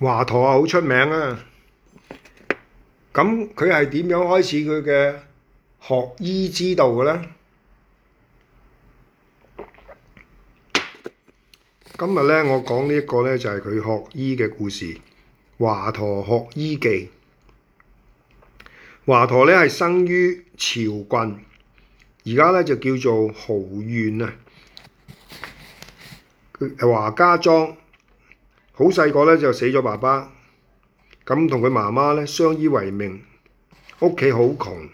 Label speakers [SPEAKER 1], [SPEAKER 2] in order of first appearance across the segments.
[SPEAKER 1] 華佗好出名啊！咁佢係點樣開始佢嘅學醫之道嘅呢？今日呢，我講呢一個呢，就係佢學醫嘅故事，《華佗學醫記》。華佗呢係生於朝郡，而家呢就叫做亳縣啊，華家莊。好細個咧就死咗爸爸，咁同佢媽媽咧相依為命，屋企好窮，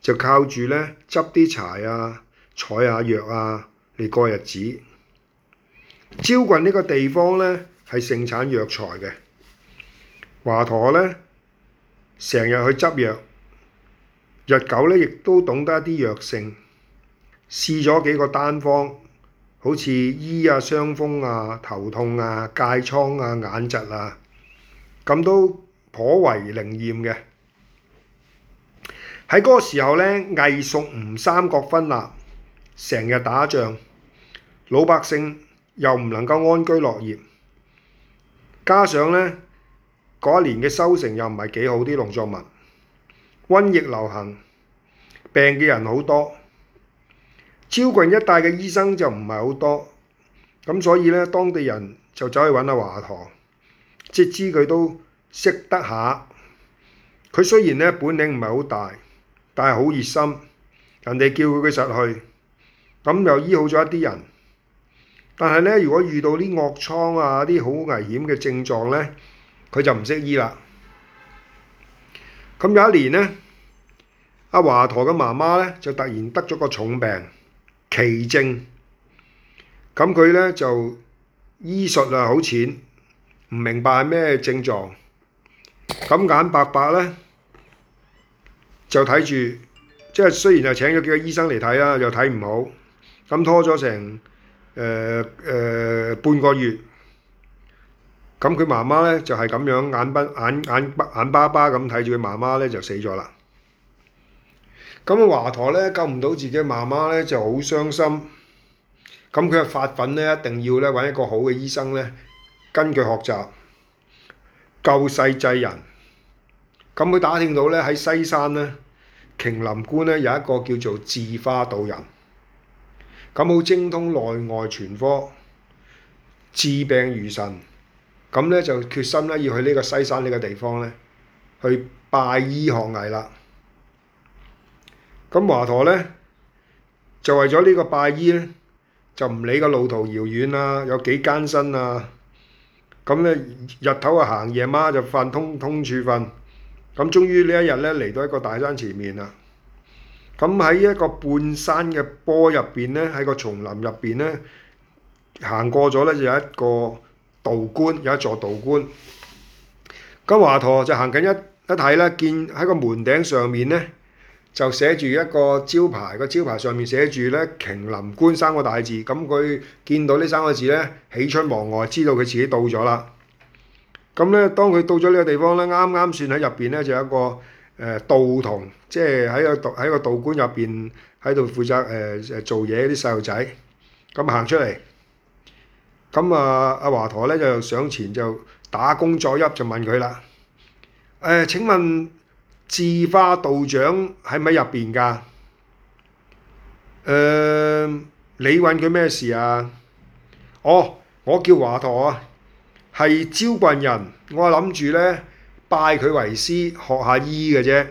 [SPEAKER 1] 就靠住咧執啲柴啊、採下藥啊嚟過日子。譙郡呢個地方咧係盛產藥材嘅，華佗咧成日去執藥，日久咧亦都懂得一啲藥性，試咗幾個單方。好似醫啊、傷風啊、頭痛啊、疥瘡啊、眼疾啊，咁都頗為靈驗嘅。喺嗰個時候呢，魏蜀吳三國分立，成日打仗，老百姓又唔能夠安居樂業，加上呢，嗰一年嘅收成又唔係幾好，啲農作物，瘟疫流行，病嘅人好多。蕉郡一帶嘅醫生就唔係好多，咁所以咧當地人就走去揾阿、啊、華佗，即知佢都識得下。佢雖然咧本領唔係好大，但係好熱心，人哋叫佢佢實去，咁又醫好咗一啲人。但係咧，如果遇到啲惡瘡啊、啲好危險嘅症狀咧，佢就唔識醫啦。咁有一年咧，阿、啊、華佗嘅媽媽咧就突然得咗個重病。奇症，咁佢咧就醫術啊好淺，唔明白係咩症狀。咁眼白白咧就睇住，即係雖然係請咗幾個醫生嚟睇啦，又睇唔好。咁拖咗成誒誒、呃呃、半個月，咁佢媽媽咧就係、係、咁樣眼巴眼眼眼巴巴咁睇住佢媽媽咧就死咗啦。咁華佗咧救唔到自己媽媽咧就好傷心，咁佢嘅發奮咧一定要咧揾一個好嘅醫生咧，跟佢學習救世濟人。咁佢打聽到咧喺西山咧，瓊林觀咧有一個叫做治花道人，咁好精通內外全科，治病如神。咁咧就決心咧要去呢個西山呢個地方咧，去拜醫學藝啦。咁華佗咧就為咗呢個拜醫，咧，就唔理個路途遙遠啊，有幾艱辛啊，咁、嗯、咧日頭就行，夜晚就瞓通通處瞓。咁終於呢一日咧嚟到一個大山前面啦。咁、嗯、喺一個半山嘅坡入邊咧，喺個叢林入邊咧，行過咗咧就有一個道觀，有一座道觀。咁華佗就行緊一一睇啦，見喺個門頂上面咧。就寫住一個招牌，個招牌上面寫住咧瓊林觀三個大字。咁、嗯、佢見到呢三個字咧，喜出望外，知道佢自己到咗啦。咁、嗯、咧，當佢到咗呢個地方咧，啱啱算喺入邊咧，就有一個誒、呃、道童，即係喺個，個道喺個道觀入邊喺度負責誒、呃、做嘢啲細路仔。咁、嗯、行出嚟，咁、嗯、啊阿華佗咧就上前就打恭作揖，就問佢啦。誒、呃？請問？智化道長喺唔喺入邊噶？誒、呃，你揾佢咩事啊？哦，我叫華佗啊，係譙郡人，我係諗住咧拜佢為師，學下醫嘅啫。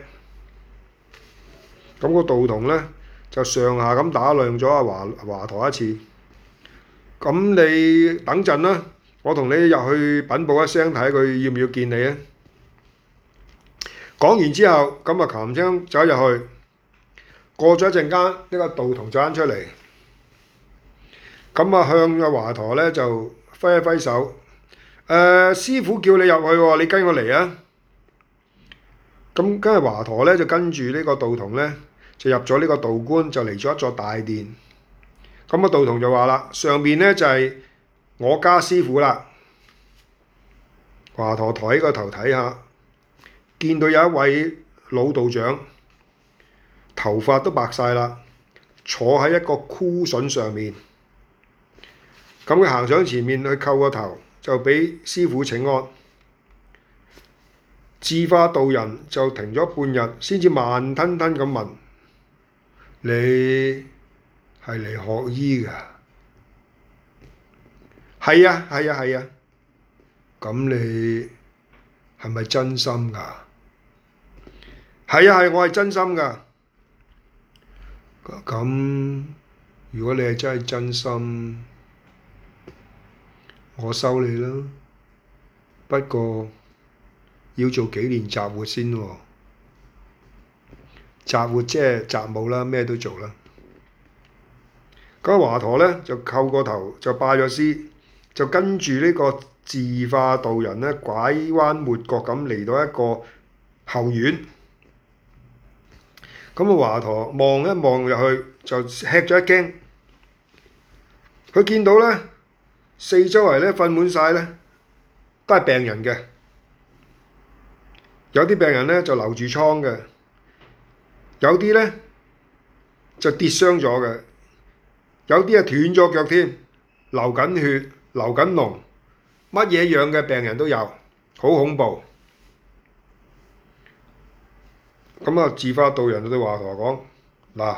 [SPEAKER 1] 咁、嗯、個道童咧就上下咁打量咗阿華華佗一次。咁、嗯、你等陣啦，我同你入去稟報一聲，睇下佢要唔要見你啊！講完之後，咁啊，琴聲走入去。過咗一陣間，呢、這個道童走返出嚟，咁啊，向阿華佗呢就揮一揮手。誒、呃，師傅叫你入去喎。哦，你跟我嚟啊！咁，跟住華佗呢就跟住呢個道童呢，就入咗呢個道觀，就嚟咗一座大殿。咁啊，道童就話啦：上面呢就係、是、我家師傅啦。華佗抬起個頭睇下。見到有一位老道長，頭髮都白晒啦，坐喺一個枯筍上面。咁佢行上前面去叩個頭，就畀師傅請安。智化道人就停咗半日，先至慢吞吞咁問：你係嚟學醫㗎？係 啊，係啊，係啊。咁你係咪真心㗎？係啊，係我係真心㗎。咁、啊、如果你係真係真心，我收你啦。不過要做幾年雜活先喎、哦。雜活即係雜務啦，咩都做啦。嗰、啊、個華佗咧就叩個頭就拜咗師，就跟住呢個自化道人咧拐彎抹角咁嚟到一個後院。咁啊，華佗望一望入去就吃咗一驚，佢見到咧，四周圍咧瞓滿晒咧，都係病人嘅，有啲病人咧就留住瘡嘅，有啲咧就跌傷咗嘅，有啲啊斷咗腳添，流緊血，流緊膿，乜嘢樣嘅病人都有，好恐怖。咁啊，自發道人對華佗講：嗱，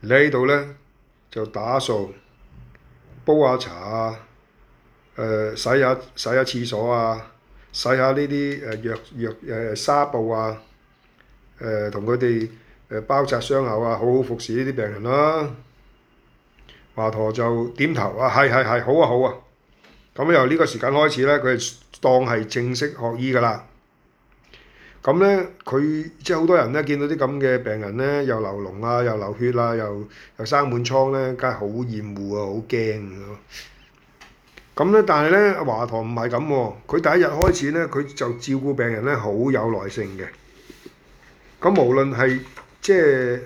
[SPEAKER 1] 你喺度咧就打掃、煲下茶啊、誒、呃、洗下洗下廁所啊、洗下呢啲誒藥藥誒紗、呃、布啊、誒同佢哋誒包紮傷口啊，好好服侍呢啲病人啦、啊。華佗就點頭：啊，係係係，好啊好啊。咁、嗯、由呢個時間開始咧，佢當係正式學醫噶啦。咁咧，佢即係好多人咧，見到啲咁嘅病人咧，又流膿啊，又流血啊，又又生滿瘡咧，梗係好厭惡啊，好驚咁。咁咧，但係咧，華佗唔係咁喎。佢第一日開始咧，佢就照顧病人咧，好有耐性嘅。咁無論係即係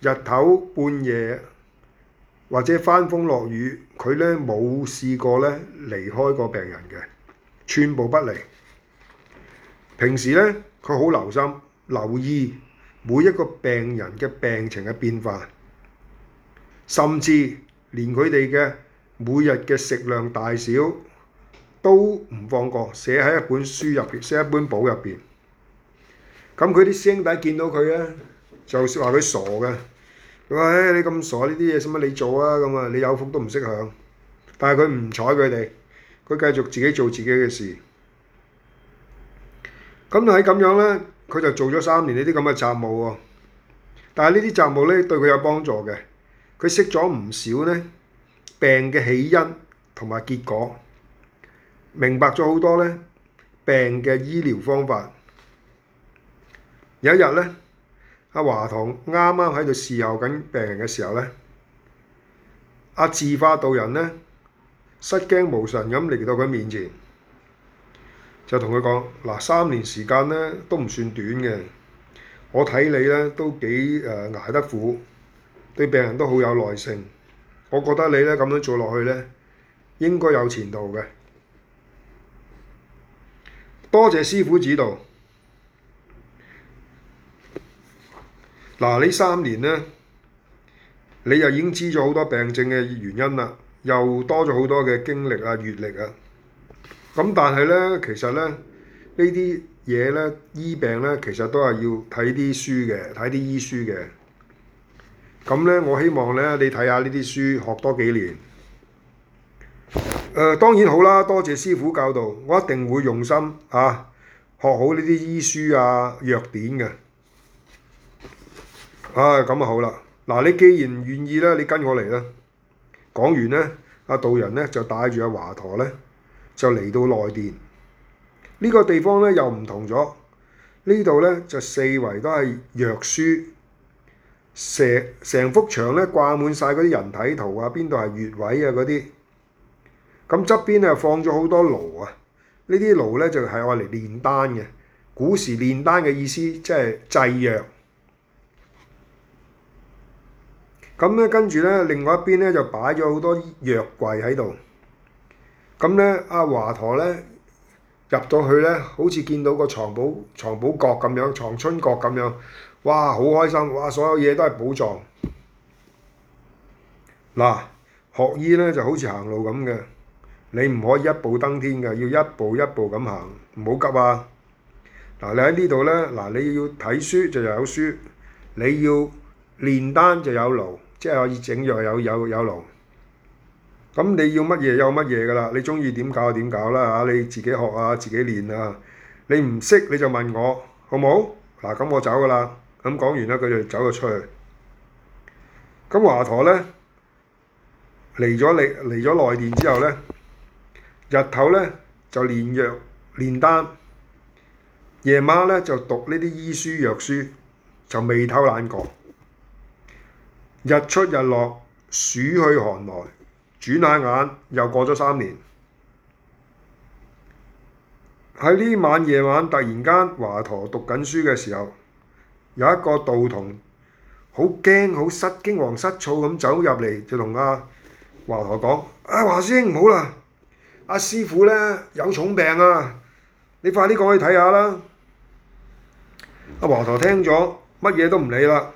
[SPEAKER 1] 日頭、半夜，或者翻風落雨，佢咧冇試過咧離開個病人嘅，寸步不離。平時咧。佢好留心留意每一個病人嘅病情嘅變化，甚至連佢哋嘅每日嘅食量大小都唔放過，寫喺一本書入邊，寫喺一本簿入邊。咁佢啲師兄弟見到佢咧，就話佢傻嘅。佢話：唉，你咁傻呢啲嘢，使乜你做啊？咁啊，你有福都唔識享。但係佢唔睬佢哋，佢繼續自己做自己嘅事。咁喺咁樣呢，佢就做咗三年呢啲咁嘅雜務喎。但係呢啲雜務呢，對佢有幫助嘅，佢識咗唔少呢病嘅起因同埋結果，明白咗好多呢病嘅醫療方法。有一日呢，阿、啊、華佗啱啱喺度侍候緊病人嘅時候呢，阿智化道人呢失驚無神咁嚟到佢面前。就同佢講嗱，三年時間咧都唔算短嘅。我睇你咧都幾誒、呃、捱得苦，對病人都好有耐性。我覺得你咧咁樣做落去咧，應該有前途嘅。多謝師傅指導。嗱，呢三年咧，你又已經知咗好多病症嘅原因啦，又多咗好多嘅經歷啊、閲歷啊。咁但係咧，其實咧呢啲嘢咧醫病咧，其實都係要睇啲書嘅，睇啲醫書嘅。咁咧，我希望咧你睇下呢啲書，學多幾年。誒、呃，當然好啦，多謝師傅教導，我一定會用心嚇、啊、學好呢啲醫書啊藥典嘅。啊，咁啊好啦，嗱你既然願意咧，你跟我嚟啦。講完咧，阿道人咧就帶住阿華佗咧。就嚟到內殿，呢個地方咧又唔同咗。呢度咧就四圍都係藥書，成成幅牆咧掛滿晒嗰啲人體圖啊，邊度係穴位啊嗰啲。咁側邊咧放咗好多爐啊，呢啲爐咧就係愛嚟煉丹嘅。古時煉丹嘅意思即係製藥。咁咧跟住咧，另外一邊咧就擺咗好多藥櫃喺度。咁咧，阿、啊、華佗咧入到去咧，好似見到個藏寶藏寶閣咁樣，藏春閣咁樣，哇！好開心，哇！所有嘢都係寶藏。嗱，學醫咧就好似行路咁嘅，你唔可以一步登天嘅，要一步一步咁行，唔好急啊！嗱，你喺呢度咧，嗱，你要睇書就有書，你要煉丹就有爐，即係可以整藥有有有爐。咁你要乜嘢有乜嘢㗎啦！你鍾意點搞就點搞啦嚇，你自己學下、啊、自己練啊。你唔識你就問我，好冇？嗱，咁我走㗎啦。咁講完咧，佢就走咗出去。咁華佗咧嚟咗你嚟咗內殿之後咧，日頭咧就練藥煉丹，夜晚咧就讀呢啲醫書藥書，就未偷懶過。日出日落，暑去寒來。轉眼又過咗三年，喺呢晚夜晚，突然間華佗讀緊書嘅時候，有一個道童好驚好失驚惶失措咁走入嚟，就同阿華佗講：啊華師兄唔好啦，阿、啊、師傅咧有重病啊，你快啲過去睇下啦！阿、啊、華佗聽咗乜嘢都唔理啦，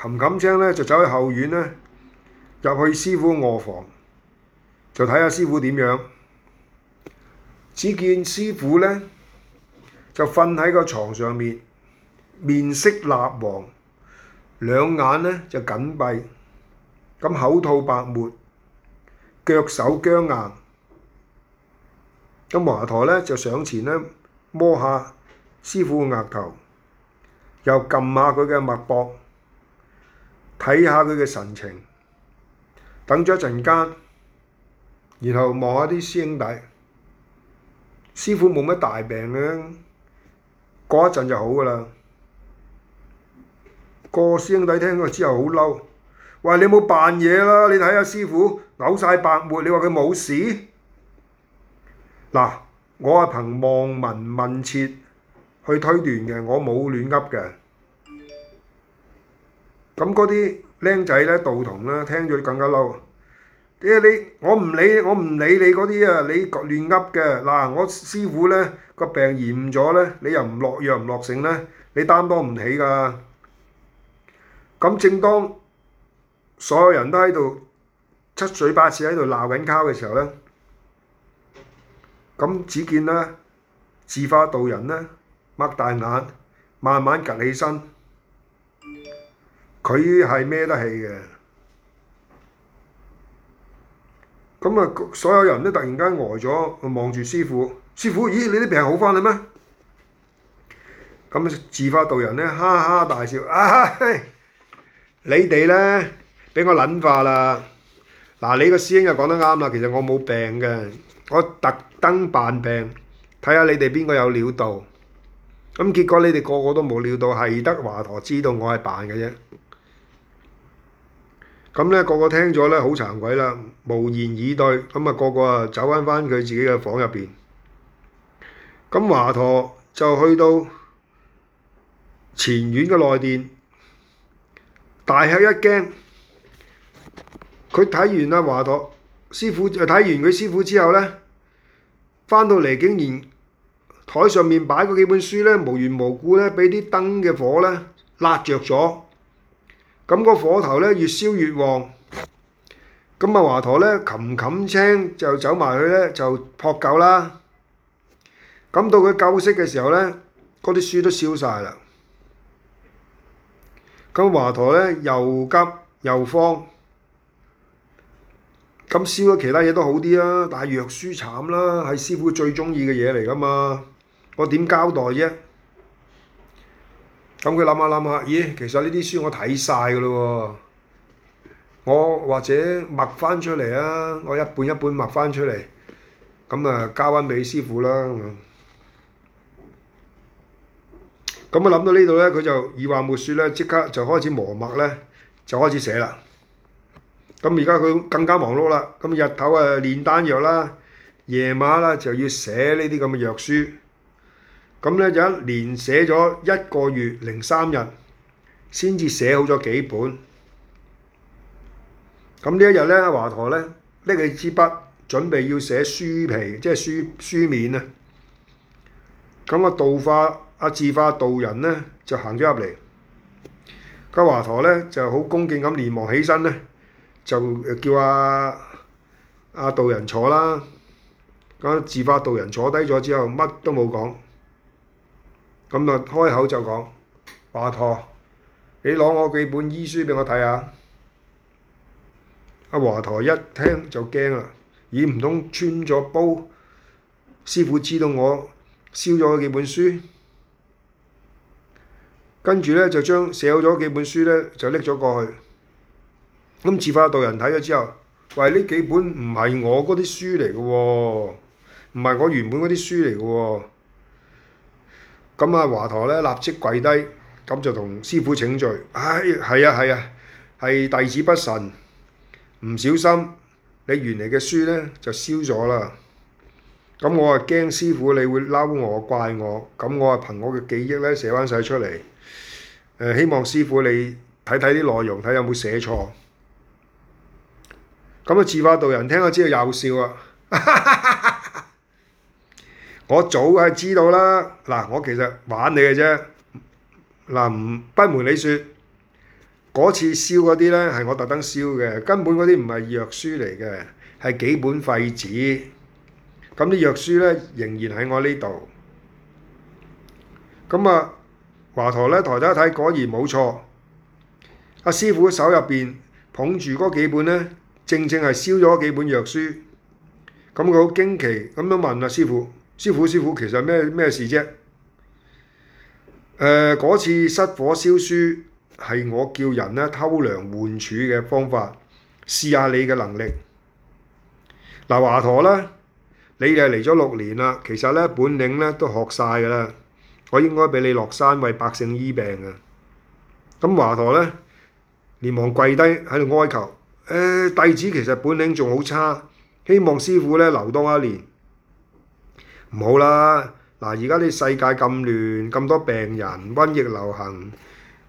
[SPEAKER 1] 琴琴聲咧就走去後院咧入去師傅嘅臥房。就睇下師傅點樣。只見師傅呢，就瞓喺個床上面，面色蠟黃，兩眼呢就緊閉，咁口吐白沫，腳手僵硬。咁華佗呢，就上前呢，摸下師傅嘅額頭，又撳下佢嘅脈搏，睇下佢嘅神情。等咗一陣間。然後望下啲師兄弟，師傅冇乜大病咧，過一陣就好㗎啦。個師兄弟聽咗之後好嬲，喂，你冇扮嘢啦！你睇下師傅嘔晒白沫，你話佢冇事？嗱，我係憑望聞問切去推斷嘅，我冇亂噏嘅。咁嗰啲僆仔咧、道童咧，聽咗更加嬲。我唔理，我唔理你嗰啲啊，你亂噏嘅。嗱，我師傅咧個病嚴咗咧，你又唔落藥唔落成咧，你擔當唔起㗎。咁正當所有人都喺度七嘴八舌喺度鬧緊交嘅時候咧，咁只見咧智化道人咧擘大眼，慢慢趌起身，佢係孭得起嘅。咁啊！所有人都突然間呆咗，望住師傅。師傅，咦？你啲病好翻啦咩？咁自發道人咧，哈哈大笑。你哋咧，畀我捻化啦！嗱，你個師兄就講得啱啦。其實我冇病嘅，我特登扮病，睇下你哋邊個有料到。咁結果你哋個個都冇料到，係得華佗知道我係扮嘅啫。咁咧，個個聽咗咧，好慚愧啦，無言以對。咁啊，個個啊，走翻翻佢自己嘅房入邊。咁華佗就去到前院嘅內殿，大吃一驚。佢睇完阿華佗師傅，睇完佢師傅之後咧，返到嚟竟然台上面擺嗰幾本書咧，無緣無故咧，俾啲燈嘅火咧，焫著咗。咁個火頭咧，越燒越旺。咁啊華佗咧冚冚青就走埋去咧就撲救啦。咁到佢救熄嘅時候咧，嗰啲書都燒晒啦。咁華佗咧又急又慌，咁燒咗其他嘢都好啲啊，但係藥書慘啦，係師傅最中意嘅嘢嚟㗎嘛，我點交代啫？咁佢諗下諗下，咦，其實呢啲書我睇晒㗎咯喎，我或者默翻出嚟啊，我一本一本默翻出嚟，咁啊交翻畀師傅啦。咁啊諗到呢度咧，佢就二話沒説咧，即刻就開始磨墨咧，就開始寫啦。咁而家佢更加忙碌啦，咁日頭啊煉丹藥啦，夜晚啦就要寫呢啲咁嘅藥書。咁咧就一連寫咗一個月零三日，先至寫好咗幾本。咁呢一日咧，華佗咧拎起支筆，準備要寫書皮，即係書書面啊。咁個道化阿字化道人咧就行咗入嚟，咁華佗咧就好恭敬咁連忙起身咧，就叫阿、啊、阿、啊、道人坐啦。咁字化道人坐低咗之後，乜都冇講。咁啊，開口就講華佗，你攞我幾本醫書俾我睇下。阿華佗一聽就驚啦，咦？唔通穿咗煲？師傅知道我燒咗嗰幾本書，跟住呢就將寫好咗幾本書呢就拎咗過去。咁慈化道人睇咗之後，話呢幾本唔係我嗰啲書嚟嘅喎，唔係我原本嗰啲書嚟嘅喎。咁啊，華佗咧立即跪低，咁就同師傅請罪。唉，係啊，係啊，係弟子不慎，唔小心，你原嚟嘅書咧就燒咗啦。咁我啊驚師傅你會嬲我怪我，咁我啊憑我嘅記憶咧寫翻曬出嚟。誒、呃，希望師傅你睇睇啲內容，睇有冇寫錯。咁啊，智化道人聽咗之後又笑啊！哈哈哈哈。我早係知道啦！嗱，我其實玩你嘅啫。嗱，唔不瞞你説，嗰次燒嗰啲咧係我特登燒嘅，根本嗰啲唔係藥書嚟嘅，係幾本廢紙。咁啲藥書呢，仍然喺我呢度。咁啊，華佗呢，抬頭一睇，果然冇錯。阿、啊、師傅手入邊捧住嗰幾本呢，正正係燒咗幾本藥書。咁佢好驚奇，咁樣問阿、啊、師傅。師傅，師傅，其實咩事啫？誒、呃，嗰次失火燒書係我叫人咧偷梁換柱嘅方法，試下你嘅能力。嗱、呃，華佗咧，你哋嚟咗六年啦，其實咧本領咧都學晒㗎啦，我應該俾你落山為百姓醫病㗎。咁華佗咧，連忙跪低喺度哀求，誒、呃，弟子其實本領仲好差，希望師傅咧留多一年。唔好啦！嗱，而家啲世界咁亂，咁多病人，瘟疫流行，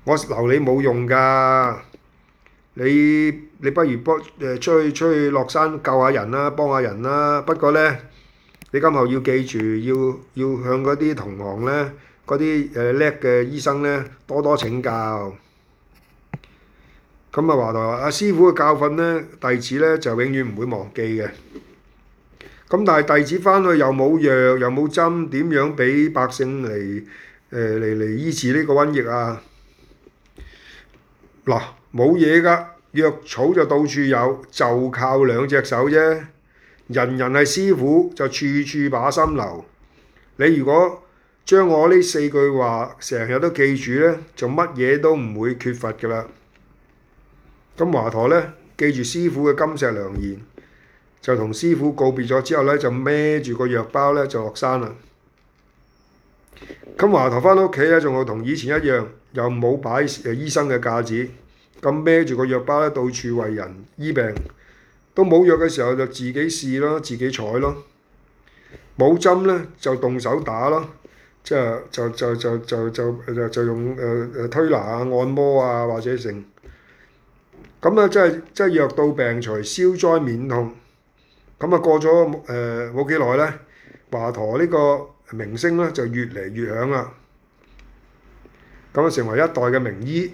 [SPEAKER 1] 我留你冇用噶。你你不如幫誒出去出去落山救下人啦，幫下人啦。不過咧，你今後要記住，要要向嗰啲同行咧，嗰啲誒叻嘅醫生咧，多多請教。咁啊，華佗話阿師傅嘅教訓咧，弟子咧就永遠唔會忘記嘅。咁但係弟子返去又冇藥又冇針，點樣畀百姓嚟誒嚟嚟醫治呢個瘟疫啊？嗱，冇嘢㗎，藥草就到處有，就靠兩隻手啫。人人係師傅，就處處把心留。你如果將我呢四句話成日都記住咧，就乜嘢都唔會缺乏㗎啦。咁華佗咧，記住師傅嘅金石良言。就同師傅告別咗之後咧，就孭住個藥包咧，就落山啦。咁華佗翻屋企咧，仲係同以前一樣，又冇擺誒醫生嘅架子，咁孭住個藥包咧，到處為人醫病。都冇藥嘅時候就自己試咯，自己採咯。冇針咧就動手打咯，即係就就就就就就就，就用誒誒、呃、推拿啊、按摩啊或者成。咁啊，即係真係藥到病除，消災免痛。咁啊過咗誒冇幾耐咧，華佗呢個名聲咧就越嚟越響啦，咁啊成為一代嘅名醫。